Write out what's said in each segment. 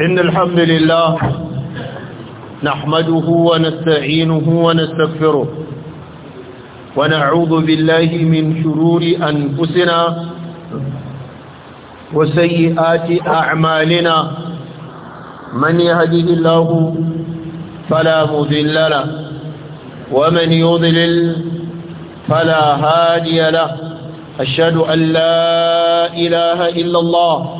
إن الحمد لله نحمده ونستعينه ونستغفره ونعوذ بالله من شرور أنفسنا وسيئات أعمالنا من يهده الله فلا مذل له ومن يضلل فلا هادي له أشهد أن لا إله إلا الله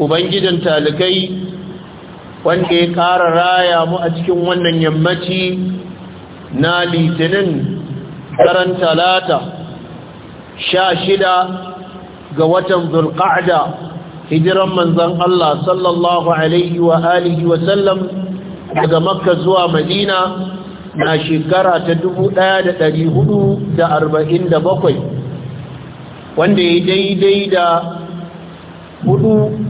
ubangijin talikai wanda ya ƙara raya mu a cikin wannan yammaci na litinin karan talata sha shida ga watan zulƙa'ada hijiran manzan Allah sallallahu alaihi wa alihi wa sallam daga makka zuwa madina na shekara ta bakwai, wanda ya daidai da hudu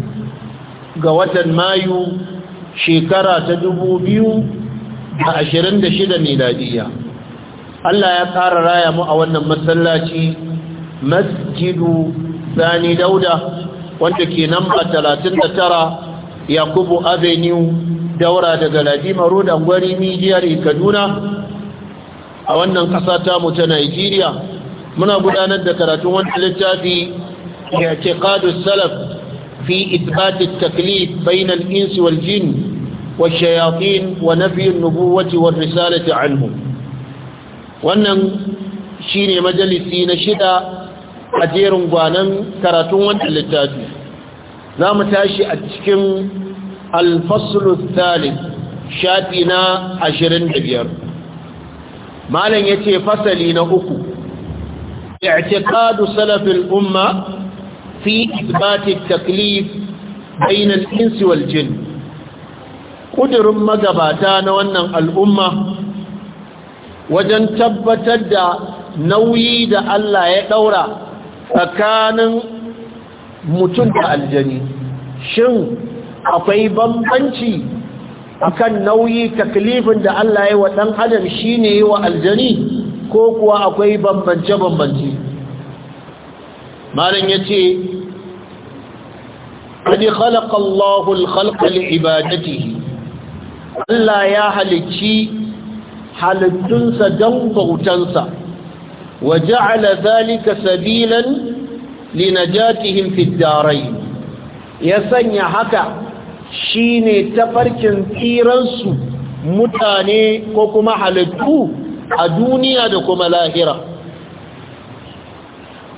ga watan mayu shekara ta dubu biyu da ashirin da shida miladiya Allah ya ƙara raya mu a wannan masallaci masjidu zani dauda wanda ke namba talatin da tara yakubu avenue daura daga ladima road angwari mijiyar kaduna a wannan ƙasa mu ta nigeria muna gudanar da karatun wanda littafi ya ce salaf في إثبات التكليف بين الإنس والجن والشياطين ونفي النبوة والرسالة عنهم wannan shine majalisi na shida a jerin gwanan karatun wannan littafi za mu tashi a cikin alfasulun talib shafi na ashirin da biyar. malam ya ce fasali na uku i'tiqadu salafil umma في إثبات التكليف بين الإنس والجن قدر tabbatar وأن الأمة وجن تبتد نويد ألا يدور فكان متنع الجني shin akwai bambanci akan nauyi taklifin da Allah ya wa ɗan adam shine yi wa aljani ko kuwa akwai bambance bambance malam yace qad khalaqa Allahu al-khalqa li Allah ya halicci halittunsa don bautansa wa ja'ala dhalika sabilan li najatihim fi ya sanya haka shine tafarkin tsiransu mutane ko kuma halittu a duniya da kuma lahira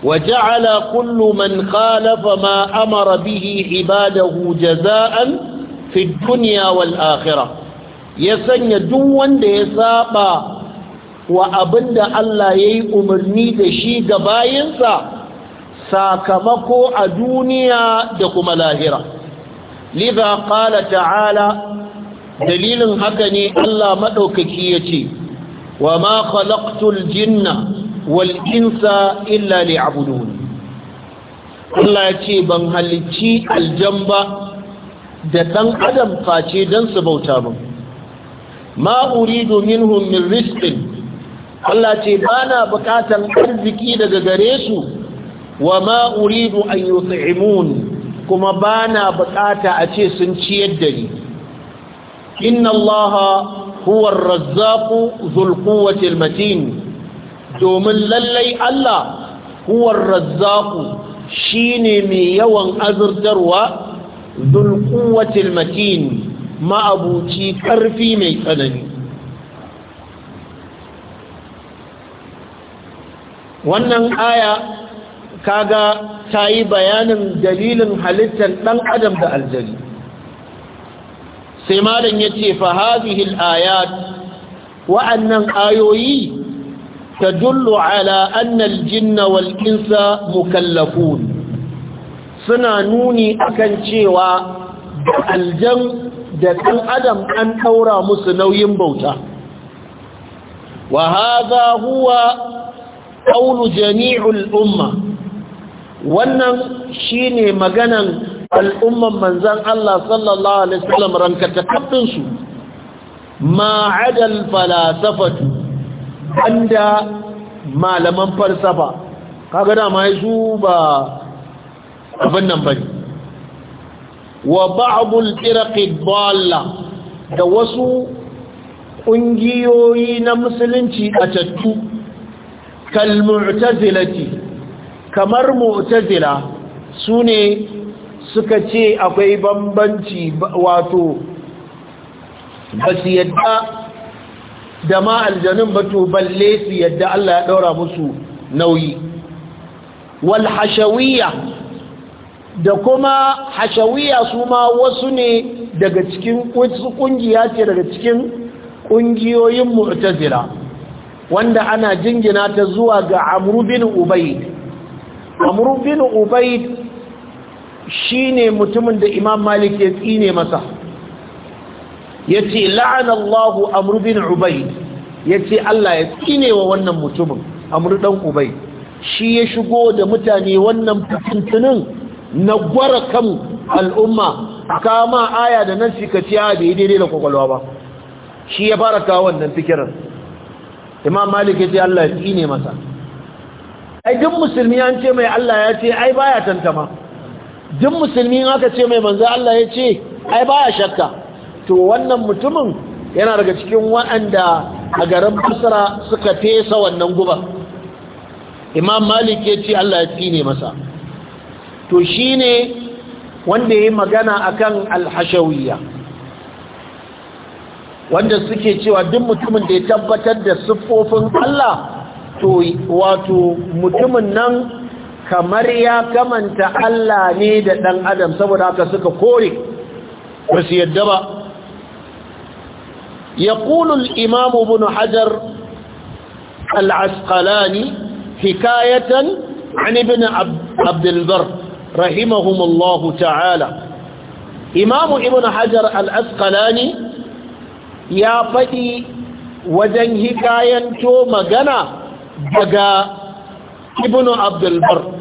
وجعل كل من خالف ما أمر به عباده جزاء في الدنيا والآخرة يسن يدون ليسابا وأبند الله يأمرني دشي قباينسا ساكمكو أدونيا دكم الآخرة لذا قال تعالى دليل هكني الله مدوككيتي وما خلقت الجنة illa ne a liya'budun Allah ya ce ban halicci aljan ba da ɗan adam face don su bauta ba. ma domin minhum min rizqin Allah ce ba na bukatan arziki daga gare su wa ma uridu an yut'imun kuma ba na bukata a ce sun ciyar da ni inna Allah huwar ar-razzaqu dhul domin lallai Allah huwar razzaku shine mai yawan azurtarwa zulkuwatil matini ma'abuci ƙarfi mai tsanani wannan aya kaga ta yi bayanin dalilin halittar ɗan adam da aljari sai malam ya ce fa fahazihil ayat wa'annan ayoyi تدل على أن الجن والإنس مكلفون suna nuni akan cewa aljan da ɗan adam an ɗaura musu nauyin bauta wa haza huwa ƙaunu jami'ul umma wannan shine maganan al'umman manzan Allah sallallahu Alaihi wasallam ranka takaddinsu ma adal falasafatu banda malaman falsafa kaga dama su ba abin nan bane wa ba'd al-iraq dalla da wasu kungiyoyi na musulunci a tattu kal mu'tazilati kamar mu'tazila sune suka ce akwai bambanci wato basu da ma aljanun ba to balle su yadda Allah ya daura musu nauyi wal hashawiyya da kuma hashawiyya su ma wasu ne daga cikin kungiya ce daga cikin kungiyoyin mu'tazila wanda ana jingina ta zuwa ga Amr bin Ubayd Amr bin Ubayd shine mutumin da Imam Malik ya tsine masa yace la'ana Allahu Amr bin Ubayd yace Allah ya tsine wa wannan mutumin Amr dan Ubayd shi ya shigo da mutane wannan fitintunin na gwara kan al'umma kama aya da nan shi kaci ah, ya da daidai da kwakwalwa ba shi ya fara kawo wannan fikirin imam malik ya ce Allah ya tsine masa ai duk musulmi an ce mai Allah ya ce ai baya tantama duk musulmi aka ce mai manzo Allah ya ce ai baya shakka to wannan mutumin yana daga cikin waɗanda a garin basra suka fesa wannan guba imam malik ya ce allah ya ne masa to shi ne wanda ya yi magana a kan alhashawiya wanda suke cewa duk mutumin da ya tabbatar da siffofin allah to wato mutumin nan kamar ya kamanta allah ne da ɗan adam saboda haka suka kore ba su yadda ba يقول الإمام ابن حجر العسقلاني حكاية عن ابن عبد البر رحمهم الله تعالى إمام ابن حجر العسقلاني يا فدي وجن حكاية توم جنا دقا ابن عبد البر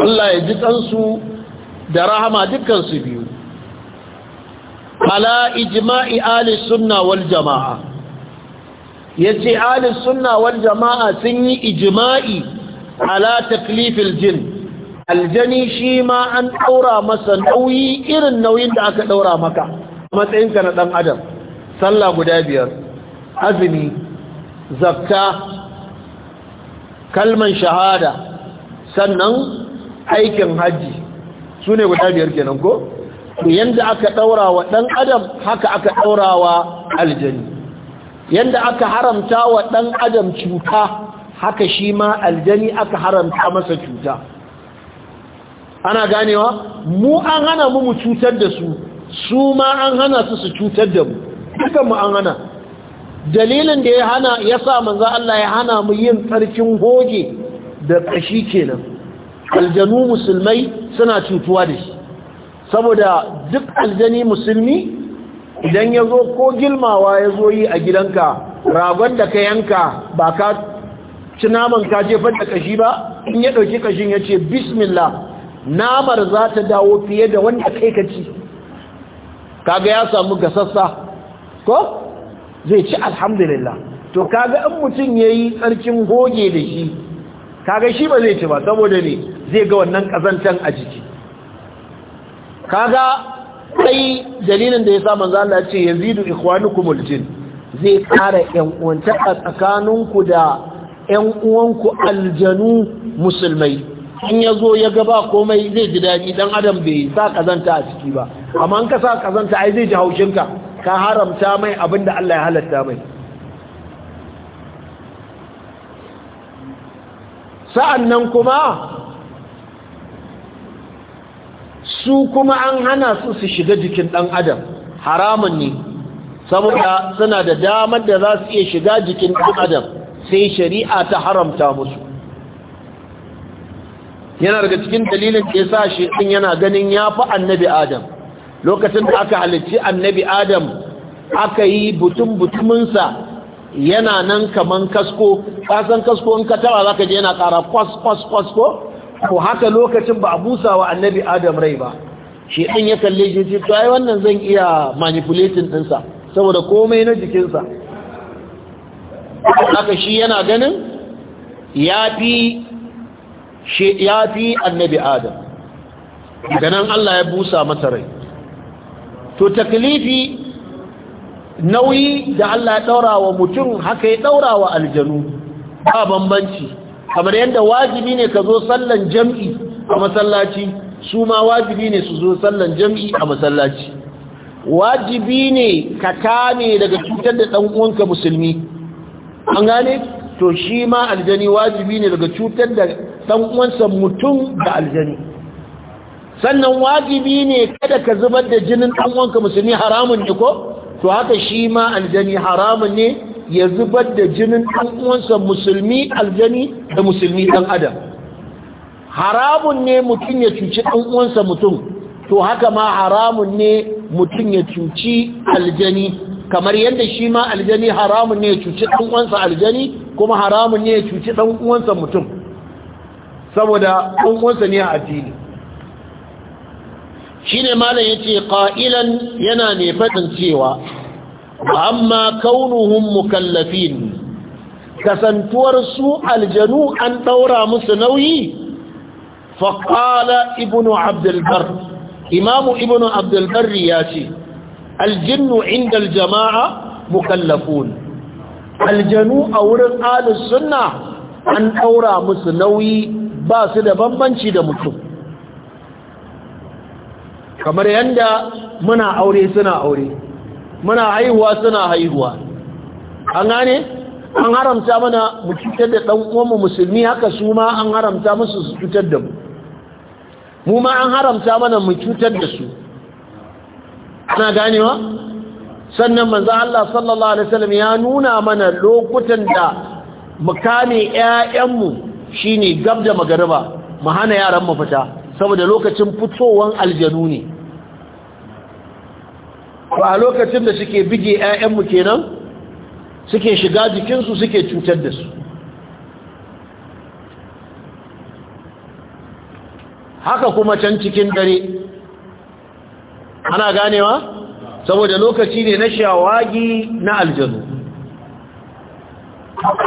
الله يجد أنسو درهم دكا سبيو ala ijma'i ahli sunna wal jama'a yace ahli sunna wal jama'a sun yi ijma'i ala taklifil jin aljani shi ma an daura masa nauyi irin nauyin da aka daura maka matsayinka na dan adam sallah guda biyar azumi zakka kalman shahada sannan aikin haji su ne guda biyar kenan ko to yanda aka daura wa dan adam haka aka daura wa aljani yanda aka haramta wa dan adam cuta haka shi ma aljani aka haramta masa cuta ana ganewa mu an hana mu mu cutar da su su ma an hana su su cutar da mu duka mu an hana dalilin da ya hana ya sa manzo Allah ya hana mu yin tsarkin goge da ƙashi kenan aljanu musulmai suna cutuwa da shi saboda duk aljani musulmi idan ya zo ko gilmawa ya zo yi a gidanka ragon da ka yanka ba ka ci naman ka jefar da kashi ba in ya ɗauki kashin ya ce bismillah namar za ta dawo fiye da wanda kai ka ci kaga ya samu gasassa ko zai ci alhamdulillah to kaga in mutum ya yi tsarkin goge da shi kaga shi ba zai ci ba saboda ne zai ga wannan ƙazantan a jiki kaga sai dalilin da ya sa manzo Allah ya ce yazidu ikhwanukumul jin zai kara yan uwanta a tsakaninku da yan uwanku aljanu musulmai in yazo ya ga ba komai zai ji dadi dan adam bai sa kazanta a ciki ba amma in ka sa kazanta ai zai ji haushinka ka Ka haramta mai abinda Allah ya halatta mai sa'annan kuma su kuma an hana su su shiga jikin ɗan adam haramun ne saboda suna da damar da za su iya shiga jikin ɗan adam sai shari'a ta haramta musu yana daga cikin dalilin ke sa shi ɗin yana ganin ya fi annabi adam lokacin da aka halicci annabi adam aka yi butun-butuminsa yana nan kaman kasko ƙasan kasko in ka tara za ka je yana ƙara kwas kwas kwas ko ko haka lokacin ba a busa wa annabi adam rai ba shi ɗan ya kalle shi ce to ai wannan zan iya manipulating ɗinsa saboda komai na jikinsa haka shi yana ganin ya fi annabi adam da Allah ya busa mata rai to taklifi nauyi da Allah ya ɗaura wa mutum haka ya ɗaura wa aljanu ba bambanci kamar yadda wajibi ne ka zo sallan jam'i a masallaci su ma wajibi ne su zo sallan jam'i a masallaci wajibi ne ka kame daga cutar da ɗan uwanka musulmi an gane to shi ma aljani wajibi ne daga cutar da ɗan uwansa mutum da aljani sannan wajibi ne kada ka zubar da jinin ɗan uwanka musulmi haramun ne ko to haka shi ma aljani haramun ne ya zubar da jinin ɗan uwansa musulmi aljani da musulmi ɗan adam haramun ne mutum ya cuci ɗan uwansa mutum to haka ma haramun ne mutum ya cuci aljani kamar yadda shi ma aljani haramun ne ya cuci ɗan uwansa aljani kuma haramun ne ya cuci ɗan uwansa mutum saboda ɗan uwansa ne a addini Shi shine malam ce ƙa’ilan yana ne faɗin cewa amma kaunuhum mukallafin kasantuwar su aljanu an daura musu nauyi faqala ibnu abdul bar imamu ibnu abdul bar yace aljinnu inda aljamaa mukallafun aljanu a wurin ahlus sunna an daura musu nauyi ba su da bambanci da mutum kamar yanda muna aure suna aure muna haihuwa suna haihuwa an gane an haramta mana mu cutar da ɗan uwanmu musulmi haka su ma an haramta musu su cutar da mu mu ma an haramta mana mu cutar da su ana ganewa sannan manzo Allah sallallahu alaihi wasallam ya nuna mana lokutan da mu kame ƴaƴanmu shine gab da magariba mu hana yaran mu fita saboda lokacin fitowar aljanu ne ba a lokacin da suke bige 'ya'yanmu kenan suke shiga jikinsu suke cutar da su haka kuma can cikin dare ana ganewa saboda lokaci ne na shawagi na aljanu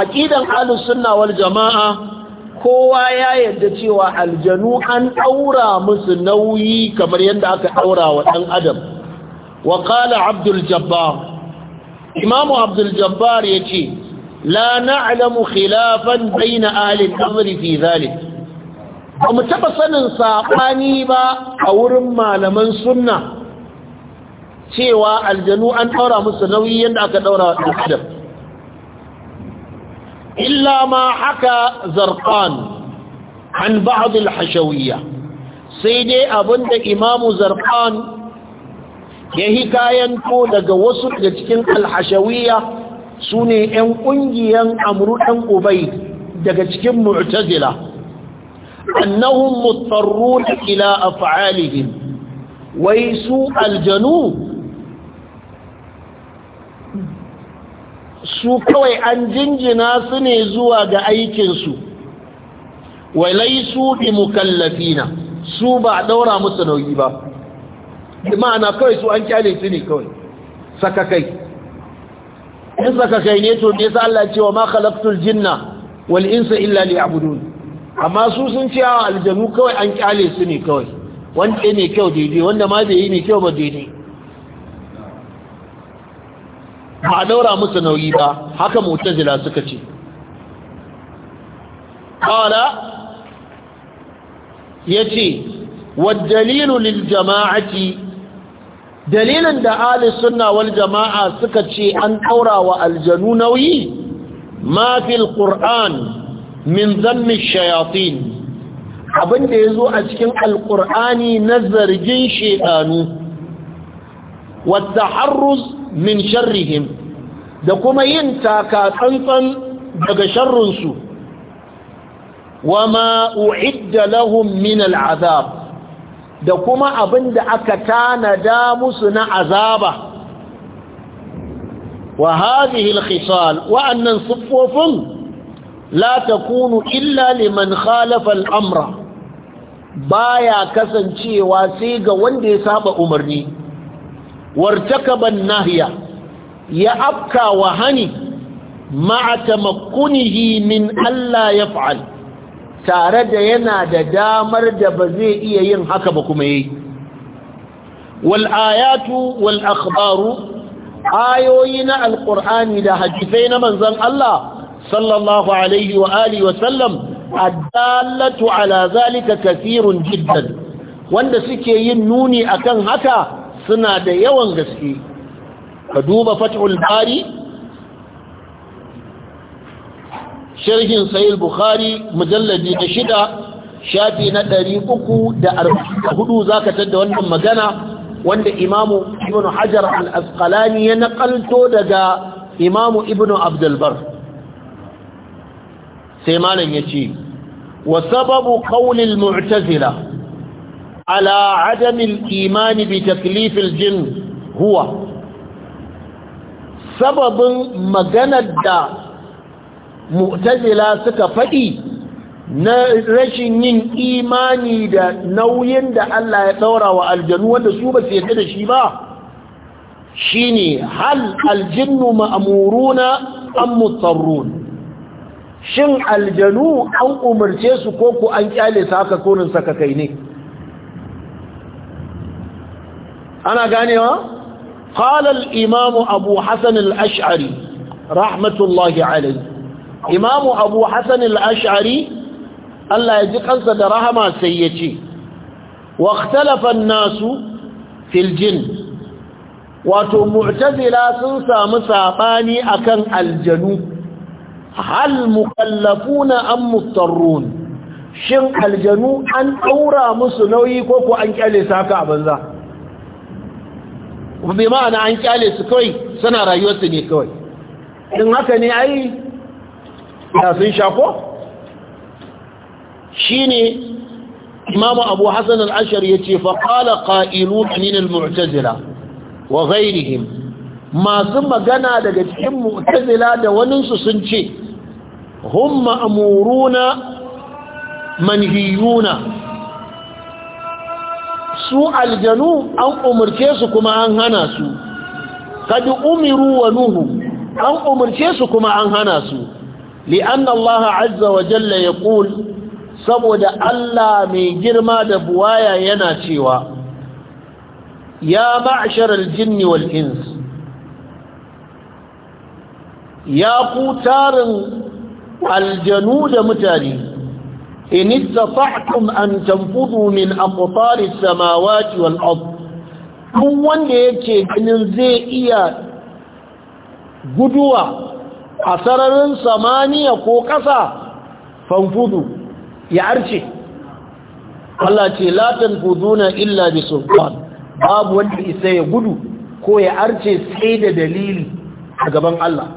aqidan ƙidan sunna wal jamaa kowa ya yadda cewa aljanu an ɗaura musu nauyi kamar yadda aka ɗaura wa ɗan adam وقال عبد الجبار إمام عبد الجبار يجي لا نعلم خلافا بين أهل الأمر في ذلك ومتبصن ساقاني با أورم ما لمن سنة سوى الجنو أن أورا مسنويا أكد أورا الحدب إلا ما حكى زرقان عن بعض الحشوية سيدي أبند إمام زرقان ya ko daga wasu daga cikin alhashawiya su ne 'yan ƙungiyan amurɗan ubai daga cikin mu'tazila annahun mutarru da ila a fa'alihim wai su aljanu su kawai an jinjina su ne zuwa ga aikinsu walai su bi mukallafina su ba a ɗaura musu nauyi ba ma'ana kawai su an kyale su ne kawai saka kai. in sakakai ne to ne sa Allah cewa ma khalaqtul jinna wal insa illa liya'budun amma su sun ce a aljanu kawai an kyale su ne kawai wanda ne kyau daidai wanda ma bai yi ne kyau ba daidai ba a daura musu nauyi ba haka mu'tazila suka ce qala yace والدليل للجماعة dalilin da ahli sunna wal jama'a suka ce an daura wa aljanu nauyi ma fil qur'an min dhammi shayatin abin da yazo a cikin alqur'ani na zargin shedanu wat taharruz min sharrihim da kuma yin taka tsantsan daga sharrunsu wa ma uhidda lahum min al'azab da kuma abin da aka tanada musu na azaba wa hadhihi al-khisal wa annan siffofin la takunu illa liman khalafa al-amra baya kasancewa sai ga wanda ya saba umarni wartakaba an-nahya ya afka wa hani ma'a tamakkunihi min alla yaf'al tare da yana da damar da ba zai iya yin haka ba kuma yi wal'ayatu wal'akhbaru ayoyi na alƙur'ani da hadisai na manzan Allah sallallahu alaihi wa alihi addalatu ala zalika kathirun jiddan wanda suke yin nuni akan haka suna da yawan gaske ka duba fathul bari sharhin sahih bukhari mujalladi da shida shafi na da za ka tadda wannan magana wanda imamu ibn hajar al-asqalani ya nakalto daga imamu ibn Abdulbar. sai malam yace wa sababu ƙaunin mutazila ala adam imani bi taklif al huwa sababin maganar da mu'tazila suka faɗi na rashin yin imani da nauyin da Allah ya ɗaura wa aljanu wanda su ba su yadda da shi ba shine hal aljinnu ma'amuruna an mutsarrun shin aljanu an umarce su ko ku an kyale su haka konin saka kai ne ana ganewa qala imamu imam abu Hassan al-ash'ari rahmatullahi alayhi imamu abu hassan al'ashari Allah ya ji kansa da rahama sai ya ce waktalafan nasu filjin wato mu'tazila sun samu saɓani akan aljanu hal mukallafuna an mutarrun, shin aljanu an ɗaura musu nauyi ko ku an kyale saka a banza bai ma'ana an ƙyale su kawai suna rayuwarsu ne kawai in haka ne ai da sun sha ko shine imamu abu hasan ashar yace fa qala qa'ilun min wa ghayrihim masu magana daga cikin mu'tazila da waninsu sun ce hum ma'muruna manhiyuna su aljanu an umarce su kuma an hana su kadi umiru wa nuhu an umarce su kuma an hana su li'anna Allah azza wa jalla yaqul saboda Allah mai girma da buwaya yana cewa ya ma'shar al-jinni wal ya ku tarin aljanu da mutane in istata'tum an tanfudu min aqtaris samawati wal ard kun wanda yake ganin zai iya guduwa a sararin samaniya ko ƙasa fanfudu ya arce Allah ce latan fuduna illa bi sultan babu wanda isa ya gudu ko ya arce sai da dalili a gaban Allah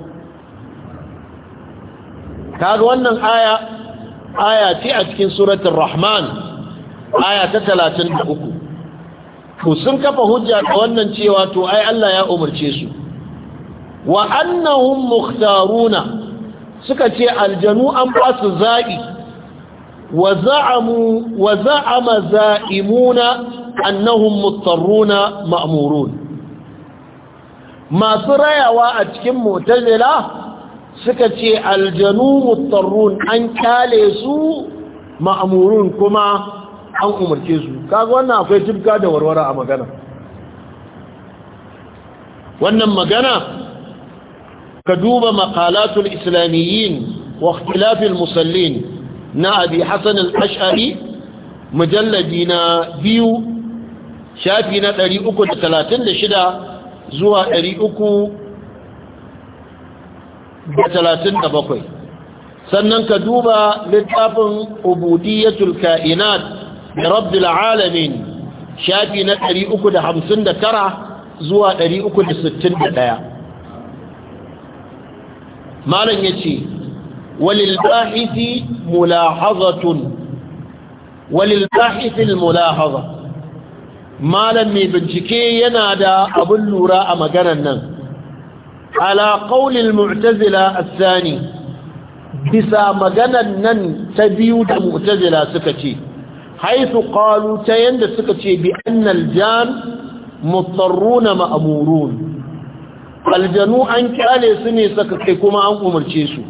kaga wannan aya aya ce a cikin suratun rahman aya ta talatin da uku. to sun kafa hujja da wannan cewa to ai Allah ya umarce su wa annahum mukhtaruna suka ce aljanu an ba su zaɓi wa za'ama za'imuna annahum muttarruna ma'murun masu rayawa a cikin mutazila suka ce aljanu muttarrun an kyale su ma'murun kuma an umarce su kaga wannan akwai tibga da warware a magana wannan magana ka duba maqalatul islamiyyin wa ikhtilafil musallin na abi hasan al-ash'ari mujalladi na biyu shafi na 336 zuwa 337 sannan ka duba littafin ubudiyatul kainat da rabbil alamin shafi na 359 zuwa 361 malam yace walil bahisi mulahazatun walil mulahaza malam mai bincike yana da abin lura a maganar nan ala qaulil mu'tazila Sani bisa maganar nan ta biyu da mu'tazila suka ce haythu qalu ta yanda suka ce bi annal jan mutarruna ma'murun aljanu an kyale su ne saka kai kuma an umarce su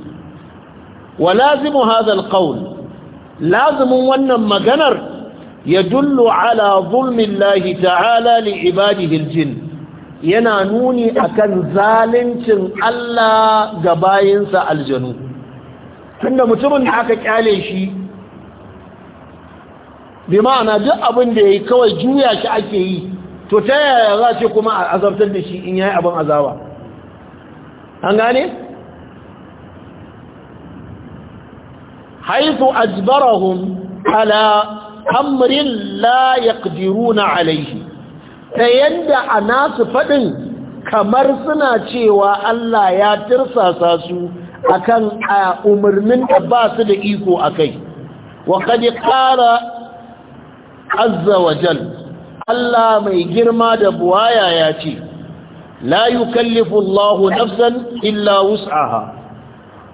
wa hazal hadha lazimin wannan maganar yadullu ala lahi ta'ala li ibadihi aljinn yana nuni akan zalincin Allah ga bayinsa aljanu tunda mutumin da aka kyale shi bi ma'ana duk abin da yayi kawai juya shi ake yi to ta yaya za ce kuma a azabtar da shi in yayi abin azaba an gane Haifu ajbarahum ala amrin la yaqdiruna alayhi ta yanda a nasu fadin kamar suna cewa Allah ya tirsasa su akan a umarnin da ba su da iko akai wa qad qala azza wa Allah mai girma da buwaya ya ce la yukallifu Allahu nafsan illa wus'aha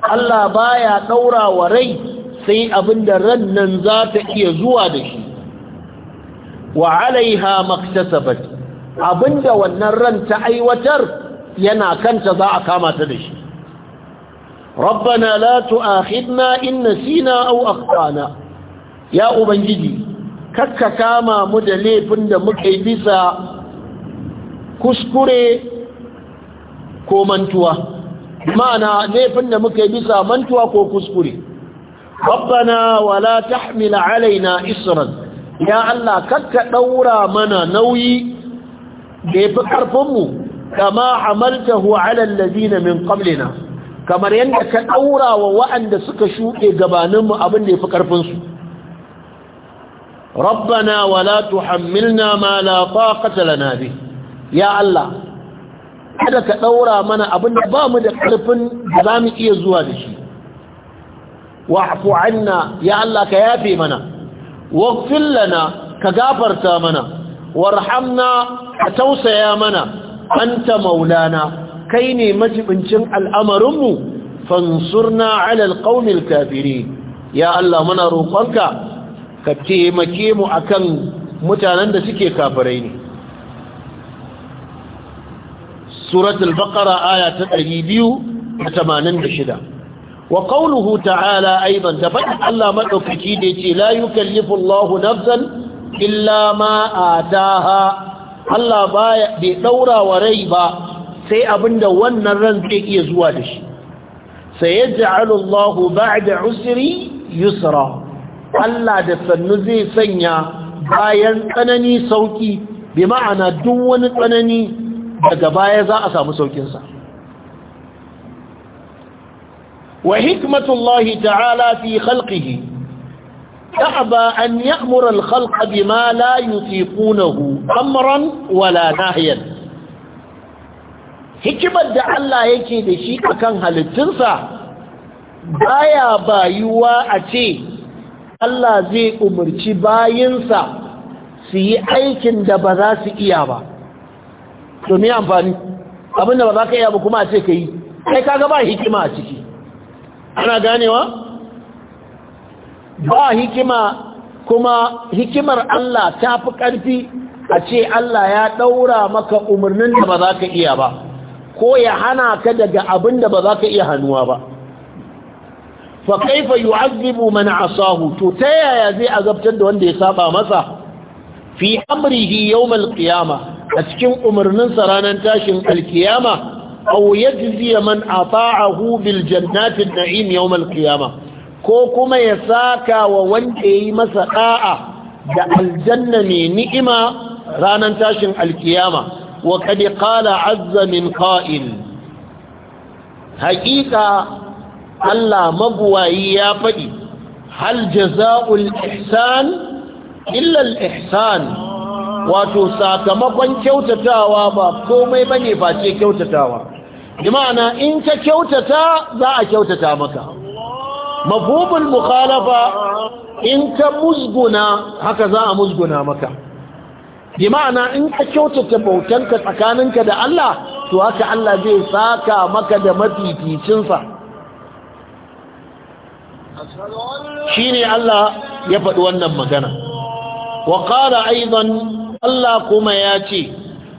Allah baya daura wa rai sai abinda ran nan za ta iya zuwa da shi wa alaiha maktasabat abinda wannan ran ta aiwatar yana kanta za a kama ta da shi rabbana la tu'akhidna in nasina aw akhtana ya ubangiji kakka kama mu da laifin da muka yi bisa kuskure ko mantuwa ma'ana laifin da muka yi bisa mantuwa ko kuskure babbana wala tahmil alaina isran ya Allah kakka daura mana nauyi da yafi karfin mu kama amaltahu ala alladhina min kamar yadda ka daura wa wa'anda suka shuɗe gabaninmu abin da yafi karfin ربنا ولا تحملنا ما لا طاقة لنا به يا الله kada ka ɗaura mana abin da ba mu da ƙarfin da iya zuwa da shi wa'fu anna ya Allah ka yafe mana waghfir lana ka gafarta mana warhamna ka tausaya mana anta maulana kai ne majibincin al'amarin mu fansurna 'ala alqawmil kafirin ya Allah muna roƙonka ka taimake mu akan mutanen da suke kafirai ne suratul baqara aya ta 286 wa qawluhu ta'ala aidan da faɗin Allah madaukaki da yace la yukallifu Allahu nafsan illa ma ataha Allah baya bai daura wa rai ba sai abinda wannan ran zai iya zuwa da shi sayaj'alu Allahu ba'da usri yusra Allah da sannu zai sanya bayan tsanani sauki bi ma'ana duk wani tsanani daga baya za a samu saukinsa wa hikmatullahi ta'ala fi khalqihi ta'aba an ya'mura al-khalqa bima la yutiqunahu amran wala nahyan hikimar da Allah yake da shi akan halittunsa baya bayuwa a ce Allah zai umarci bayinsa su yi aikin da ba za su iya ba domin amfani abinda ba za ka iya ba kuma ce ka yi kai kaga ba hikima a ciki ana ganewa ba hikima kuma hikimar Allah ta fi ƙarfi a ce Allah ya ɗaura maka umarnin da ba za ka iya ba ko ya hana ka daga abinda da ba za ka iya hannuwa ba fa kaifa yu'azzibu man asahu to ta yaya zai azabtar da wanda ya saba masa fi amrihi yawmal qiyama a cikin umarninsa sa ranar tashin alkiyama aw yajzi man ata'ahu bil jannati an-na'im yawmal qiyama ko kuma ya saka wa wanda yi masa da'a da aljanna ne ni'ima ranar tashin alkiyama wa qad qala azza min qa'il haqiqa Allah maguwayi ya faɗi hal jaza'ul ihsan illa al ihsan wato sakamakon kyautatawa ba komai bane face kyautatawa bima'ana in ka kyautata za a kyautata maka mafhumul mukhalafa in ka musguna haka za a musguna maka bima'ana in ka kyautata bautanka tsakaninka da Allah to haka Allah zai saka maka da mafificinsa shine Allah ya faɗi wannan magana wa qala Allah kuma ya ce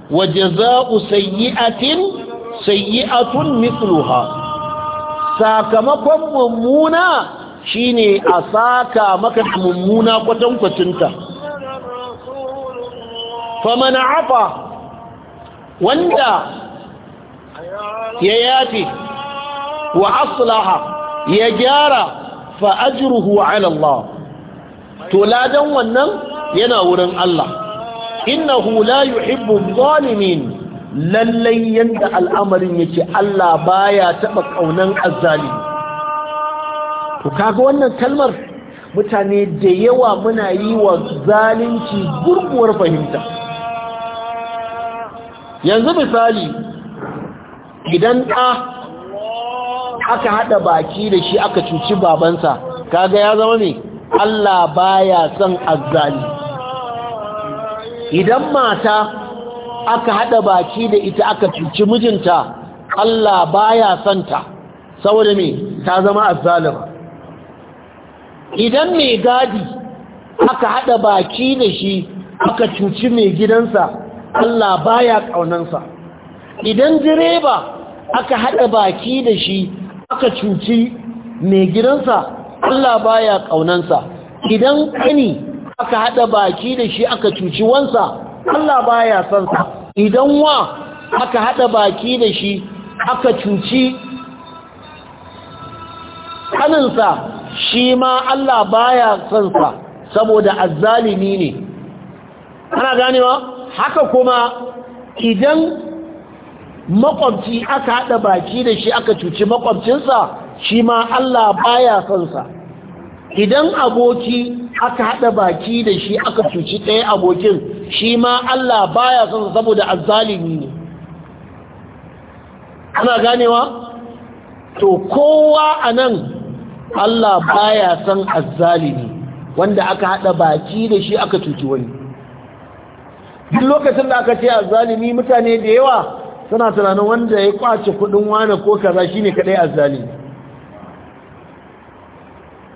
wa jazaa'u sayyi'atin sayyi'atun mithluha sakamakon mummuna shine a saka maka mummuna kwatankwacinta faman afa wanda ya yafi wa aslaha ya gyara fa ajruhu ala Allah to ladan wannan yana wurin Allah hula la yuhibbu zalimin lallai yanda al'amarin yake Allah baya taɓa ƙaunan azali to kaga wannan kalmar mutane da yawa muna yi wa zalunci gurguwar fahimta yanzu misali idan ɗa aka haɗa baki da shi aka cuci babansa kaga ya zama ne Allah baya son azzali idan mata aka haɗa baki da ita aka cuci mijinta Allah baya son ta saboda me ta zama azzalima idan mai gadi aka haɗa baki da shi aka cuci mai gidansa Allah baya ƙaunansa idan direba aka haɗa baki da shi aka cuci mai gidansa Allah baya ƙaunansa, idan kani aka hada baki da shi aka cuci wansa Allah baya son sa idan wa aka haɗa baki da shi aka cuci kaninsa shi ma Allah baya son sa saboda azzalimi ne ana ganewa haka kuma idan makwabci aka haɗa baki da shi aka cuci makwabcinsa shi ma Allah baya son sa idan aboki aka haɗa baki da shi aka cuci ɗaya abokin shi ma Allah baya son saboda azzalimi ne ana ganewa to kowa anan Allah baya son azzalimi wanda aka haɗa baki da shi aka cuci wani duk lokacin da aka ce azzalimi mutane da yawa suna tunanin wanda ya kwace kudin wane ko kaza shine kadai azzalimi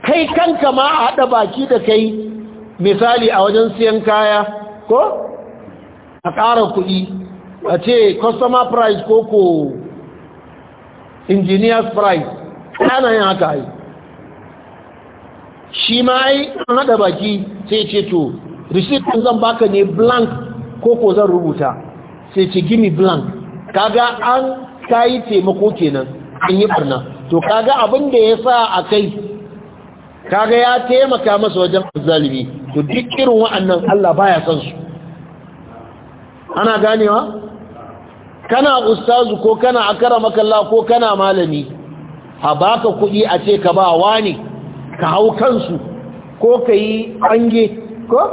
kai kanka ma a haɗa baki da kai misali a wajen siyan kaya ko a ƙara kuɗi a ce customer price ko ko engineer's price ana yin haka ai shi ma ai an haɗa baki sai ce to receipt zan baka ne blank ko ko zan rubuta sai ce gini blank kaga an kayi taimako kenan an yi barna to kaga abin da ya sa a kai kaga ya taimaka masa wajen azzalimi to duk irin wa'annan Allah baya son su ana ganewa kana ustazu ko kana akara makalla ko kana malami a baka kuɗi a ce ka ba wani ka hau kansu ko ka yi ange ko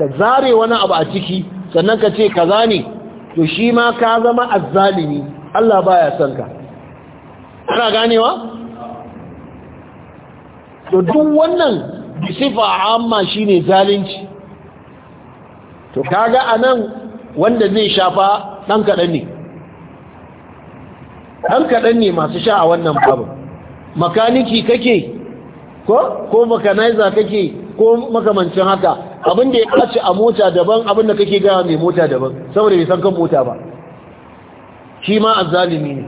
ka zare wani abu a ciki sannan ka ce ka ne to shi ma ka zama azzalimi Allah baya son ka ana ganewa to duk wannan sifa amma shine zalunci to kaga anan wanda zai shafa dan kadan ne dan kadan ne masu sha a wannan babu makaniki kake ko ko kake ko makamancin haka abin da ya kace a mota daban abin da kake gaya mai mota daban saboda bai san kan mota ba shi ma azalimi ne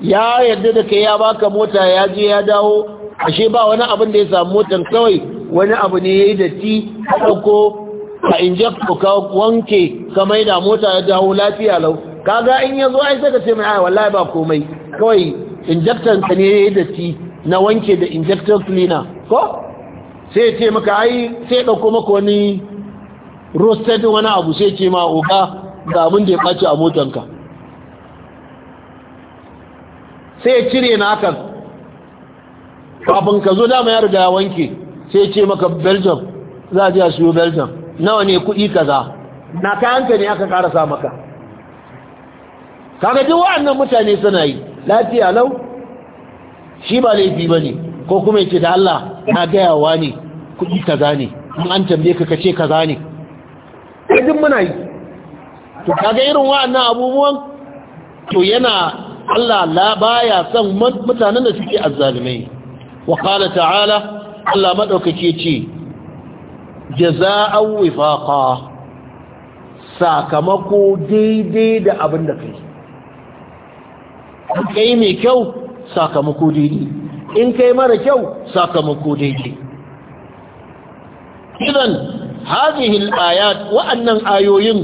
ya yadda da kai ya baka mota ya je ya dawo ashe ba wani abin da ya samu motan kawai wani abu ne yayi datti ko a injek ko ka wanke ka maida mota ya dawo lafiya lau kaga in yazo ai sai ka ce mai ai wallahi ba komai kawai injector ka ne yayi datti na wanke da injektan cleaner ko sai ce maka ai sai ɗauko maka wani roasted wani abu sai ce ma oga ga abin da ya ɓace a motanka sai ya cire na hakan kafin ka zo dama ya riga ya wanke sai ce maka belgium za a ji a siyo belgium nawa ne kuɗi kaza na kayanka ne aka karasa maka kaga duk wa'annan mutane suna yi lafiya lau shi ba laifi ba ne ko kuma yake da Allah na gayawa ne kuɗi kaza ne in an tambaye ka kace kaza ne duk muna yi to kaga irin wa'annan abubuwan to yana Allah la baya son mutanen da suke azzalumai wa qala ta'ala Allah madaukake ce jazaa'u wifaqa sakamako daidai da abin da kai kai mai kyau sakamako daidai in kai mara kyau sakamako daidai idan hadhihi ayat wa'annan ayoyin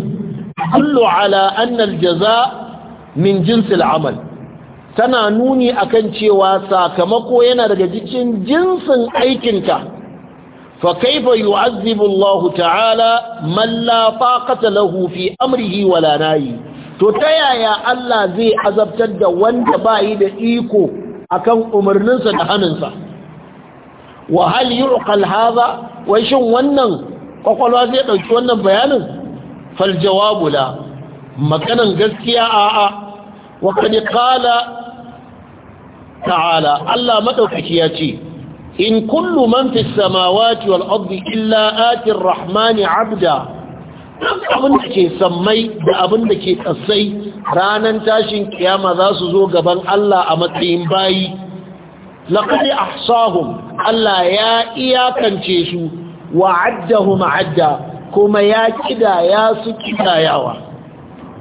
kullu ala anna al min jinsi amal tana nuni akan cewa sakamako yana daga jikin jinsin aikinka fa kaifa yu'azzibu Allah ta'ala man la taqata lahu fi amrihi wala nayi to ta yaya Allah zai azabtar da wanda bai da iko akan umarninsa da haninsa. wa hal yu'qal hadha wai shin wannan kwakwalwa zai dauki wannan bayanin fal jawabu la maganan gaskiya a a wa kad qala ta'ala Allah madaukaki ya ce in kullu man fis samawati wal ardi illa ati rahmani 'abda abin da ke sammai da abin da ke ƙasai ranar tashin kiyama za su zo gaban Allah a matsayin bayi laƙaɗe ahsahum Allah ya iyakance su wa addahum adda kuma ya kidaya su kidayawa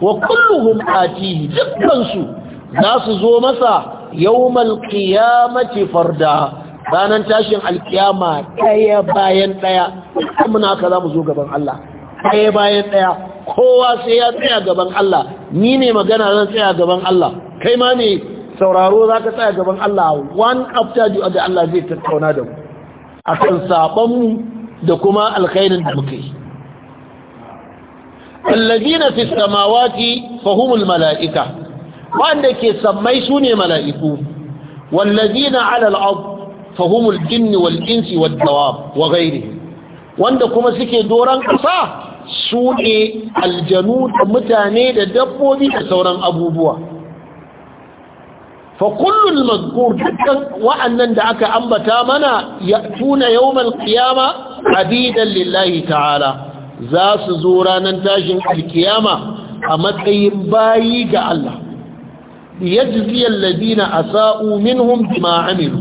wa kulluhum atihi dukkansu za su zo masa yawmal qiyamati farda ranar tashin alkiyama ɗaya bayan ɗaya muna haka za mu zo gaban Allah ɗaya bayan ɗaya kowa sai ya tsaya gaban Allah ni ne magana zan tsaya gaban Allah kai ma ne sauraro za ka tsaya gaban Allah one after the other Allah zai tattauna da mu a kan saɓonmu da kuma alkhairin da muke allazina fi samawati fahumul mala'ika wanda ke sammai su ne mala'iku wallazina ala al'ad fahumul jinni wal insi wad dawab wa ghairihi wanda kuma suke doran kasa su ne aljanu da mutane da dabbobi da sauran abubuwa fa kullun mazkur dukkan wa'annan da aka ambata mana ya tuna yawmal qiyama abidan lillahi ta'ala za su zo ranar tashin alkiyama a matsayin bayi ga Allah yajziyal ladina asa'u minhum bima amilu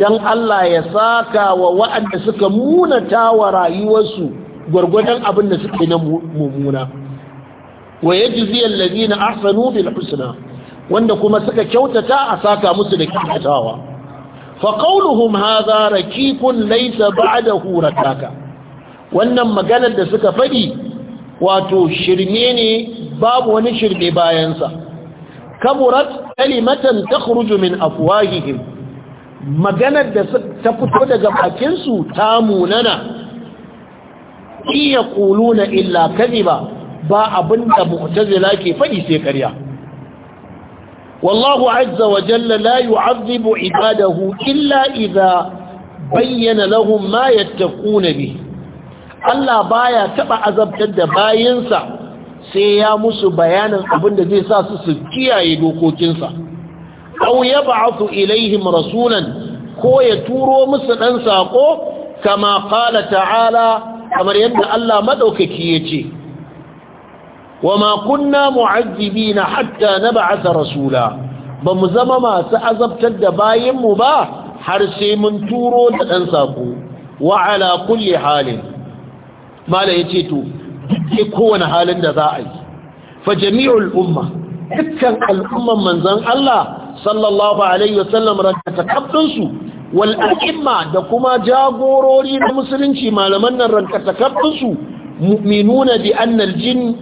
dan Allah ya saka wa wa'anda suka munata wa rayuwarsu gwargwadon abin da suke na mummuna wa yajzi allazina ahsanu bil husna wanda kuma suka kyautata a saka musu da kyautatawa fa qawluhum hadha rakikun laysa ba'dahu rakaka wannan maganar da suka fadi wato shirme ne babu wani shirme bayansa kaburat kalimatan takhruju min afwahihim maganar da ta fito daga bakinsu ta munana iya kuluna illa kadhiba ba abinda mu'tazila ke fadi sai ƙarya wallahu azza wa jalla la yu'adhibu ibadahu illa idha bayyana lahum ma yattaquna bi Allah baya taba azabtar da bayinsa sai ya musu bayanin abin da zai sa su su kiyaye dokokinsa aw yab'athu ilaihim rasulan ko ya turo musu dan sako kama qala ta'ala kamar yadda Allah ya ce wa ma kunna na hatta ba'asa rasula bamu zama masu azabtar da bayanmu mu ba har sai mun turo da ɗan sako wa ala kulli halin mala yace to duk kowane halin da za a yi fa jami'ul umma dukkan al'umman manzon Allah sallallahu alaihi wasallam ranka takabbun wal a'imma da kuma jagorori na musulunci malaman nan rankatakabbin su mu'minuna bi annal al-jinn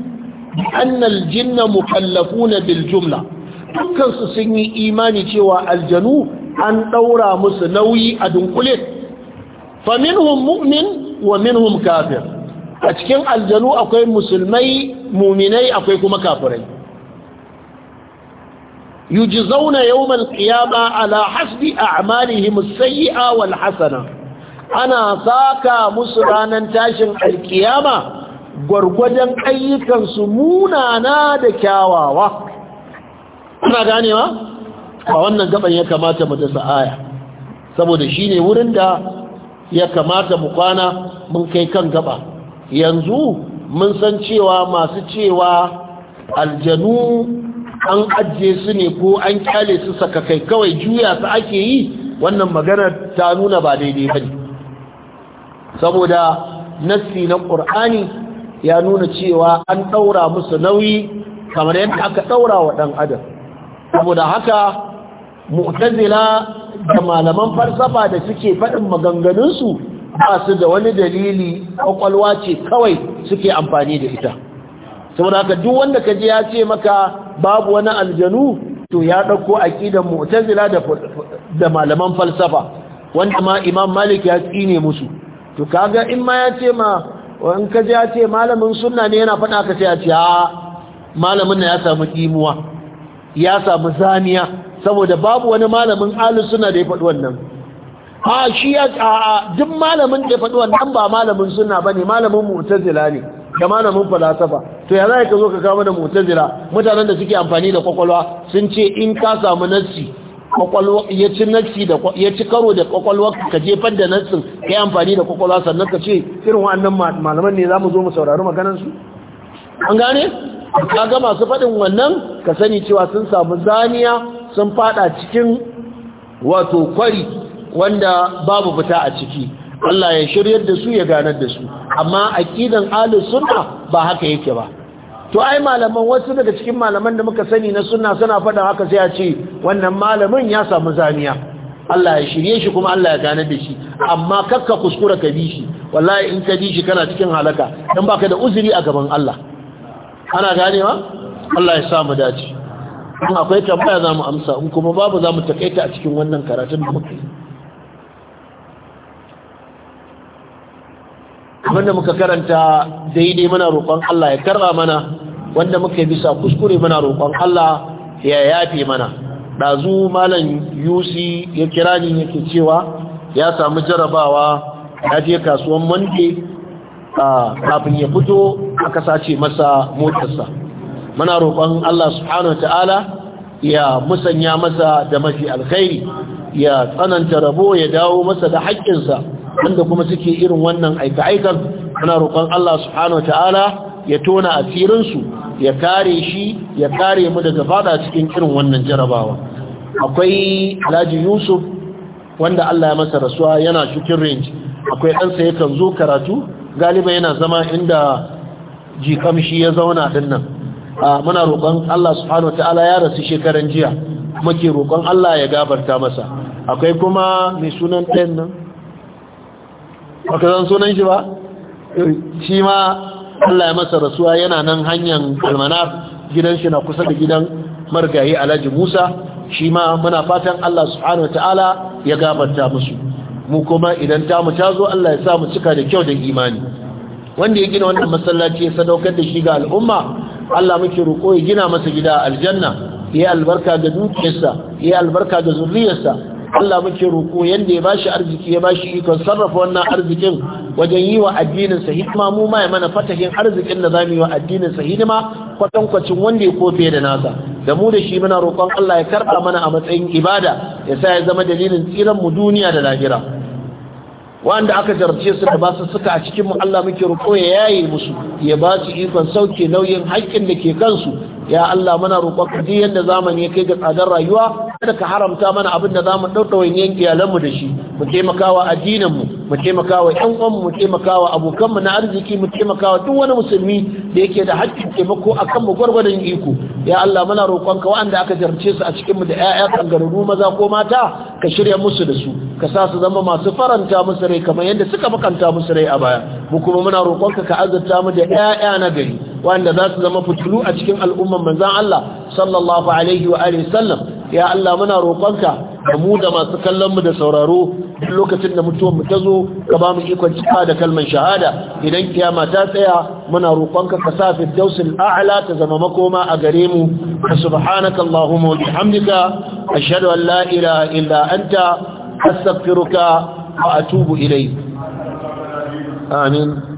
bi na biljumla. jinn sun yi imani cewa aljanu an ɗaura musu nauyi a dunkule faminhum mu'min wa minhum kafir a cikin aljanu akwai musulmai muminai akwai kuma kafirai yujzauna yawmal qiyama ala hasbi a'malihim as-sayyi'a wal hasana ana saka musu ranan tashin alkiyama gwargwadon ayyukan su munana da kyawawa ana ganewa a wannan gaban ya kamata mu dasa aya saboda shine wurin da ya kamata mu kwana mun kai kan gaba yanzu mun san cewa masu cewa aljanu an ajiye su ne ko an kyale su saka kai kawai juya su ake yi wannan magana ta nuna ba daidai ba saboda nassi na ƙur'ani ya nuna cewa an ɗaura musu nauyi kamar yadda aka ɗaura wa ɗan adam saboda haka mu'tazila da malaman falsafa da suke faɗin maganganunsu ba su da wani dalili ƙwaƙwalwa ce kawai suke amfani da ita saboda haka duk wanda ka ji ya ce maka babu wani aljanu to ya ɗauko aƙidan mu'tazila da da malaman falsafa wanda ma imam malik ya tsine musu to kaga in ma ya ce ma in ka ji ya ce malamin sunna ne yana faɗa ka sai a ce a malamin na ya samu kimuwa ya samu zaniya saboda babu wani malamin ahlus sunna da ya faɗi wannan a shi ya a duk malamin da ya faɗi wannan ba malamin sunna bane malamin mu'tazila ne da malamin falsafa to ya za ka zo ka kawo da zira mutanen da suke amfani da kwakwalwa sun ce in ka samu nassi ya ci nassi da ya ci karo da kwakwalwa ka jefar da nassin ka yi amfani da kwakwalwa sannan ka ce irin annan malaman ne za mu zo mu saurari maganansu an gane ka ga masu faɗin wannan ka sani cewa sun samu zaniya sun fada cikin wato kwari wanda babu fita a ciki Allah ya shiryar da su ya ganar da su amma aqidan ahli sunna ba haka yake ba to ai malaman wasu daga cikin malaman da muka sani na sunna suna fada haka sai a ce wannan malamin ya samu zaniya. Allah ya shirye shi kuma Allah ya ganar da shi amma kakka kuskura ka bi wallahi in ka bi kana cikin halaka dan baka da uzuri a gaban Allah ana ganewa Allah ya sa mu dace in akwai tambaya zamu amsa in kuma babu zamu takaita a cikin wannan karatun da muke yi wanda muka karanta daidai muna roƙon Allah ya karɓa mana wanda muka bisa kuskure muna roƙon Allah ya yafe mana ɗazu malam yusi ya kira ni yake cewa ya samu jarabawa ya je kasuwan monday kafin ya fito aka sace masa motarsa muna roƙon Allah subhanahu ta'ala ya musanya masa da mafi alkhairi ya tsananta rabo ya dawo masa da haƙƙinsa wanda kuma suke irin wannan aika-aikan muna roƙon Allah subhanahu ta'ala ya tona asirinsu ya kare shi ya kare mu daga fada cikin irin wannan jarabawa akwai Alhaji Yusuf wanda Allah ya masa rasuwa yana cikin range akwai ɗansa yakan zo karatu galiba yana zama inda jikamshi ya zauna din nan muna roƙon Allah subhanahu ta'ala ya rasu shekaran jiya muke roƙon Allah ya gabarta masa akwai kuma mai sunan ɗayan nan baka zan sunan shi ba shi ma Allah ya masa rasuwa yana nan hanyar almanar gidan shi na kusa da gidan margayi alhaji musa shi ma muna fatan Allah subhanahu ta'ala ya gafarta musu mu kuma idan ta mu ta zo Allah ya sa mu cika da kyau da imani wanda ya gina wannan masallaci ya sadaukar da shi ga al'umma Allah muke roƙo ya gina masa gida aljanna ya albarka ga dukiyarsa ya albarka ga zuriyarsa Allah muke roƙo yanda ya bashi arziki ya bashi ikon sarrafa wannan arzikin wajen yi wa addinin sa hidima mu ma ya mana fatahin arzikin da zamu yi wa addinin sa hidima kwatankwacin wanda ya kofe da nasa da mu da shi muna roƙon Allah ya karɓa mana a matsayin ibada ya sa ya zama dalilin tsiran mu duniya da lahira wanda aka jarabce su da basu suka a cikin mu Allah muke roƙo ya yaye musu ya ba su ikon sauke nauyin haƙƙin da ke kansu ya Allah muna roƙon ka yanda zamani ya kai ga tsadar rayuwa kada ka haramta mana abin da zamu ɗaukawai yan iyalanmu da shi mu taimakawa addininmu mu taimakawa ƴan uwanmu mu taimakawa abokanmu na arziki mu taimakawa duk wani musulmi da yake da haƙƙin taimako akan mu gwargwadon iko ya Allah muna roƙonka wanda aka jarce su a cikin mu da ƴaƴa kangararru maza ko mata ka shirya musu da su ka sa su zama masu faranta musu rai kamar yadda suka bakanta musu rai a baya mu kuma muna roƙonka ka azurta mu da ƴaƴa na gari wanda za su zama fitilu a cikin al'umman manzan Allah sallallahu alaihi wa alihi sallam ya Allah muna roƙonka da mu da masu kallon mu da sauraro duk lokacin da mutuwar mu ta zo ka ba mu ikon cika da kalman shahada idan kiyama ta tsaya muna roƙonka ka sa fi dausul a'la ta zama makoma a gare mu subhanaka allahumma wa bihamdika ashhadu an la ilaha illa anta astaghfiruka wa atubu ilayk amin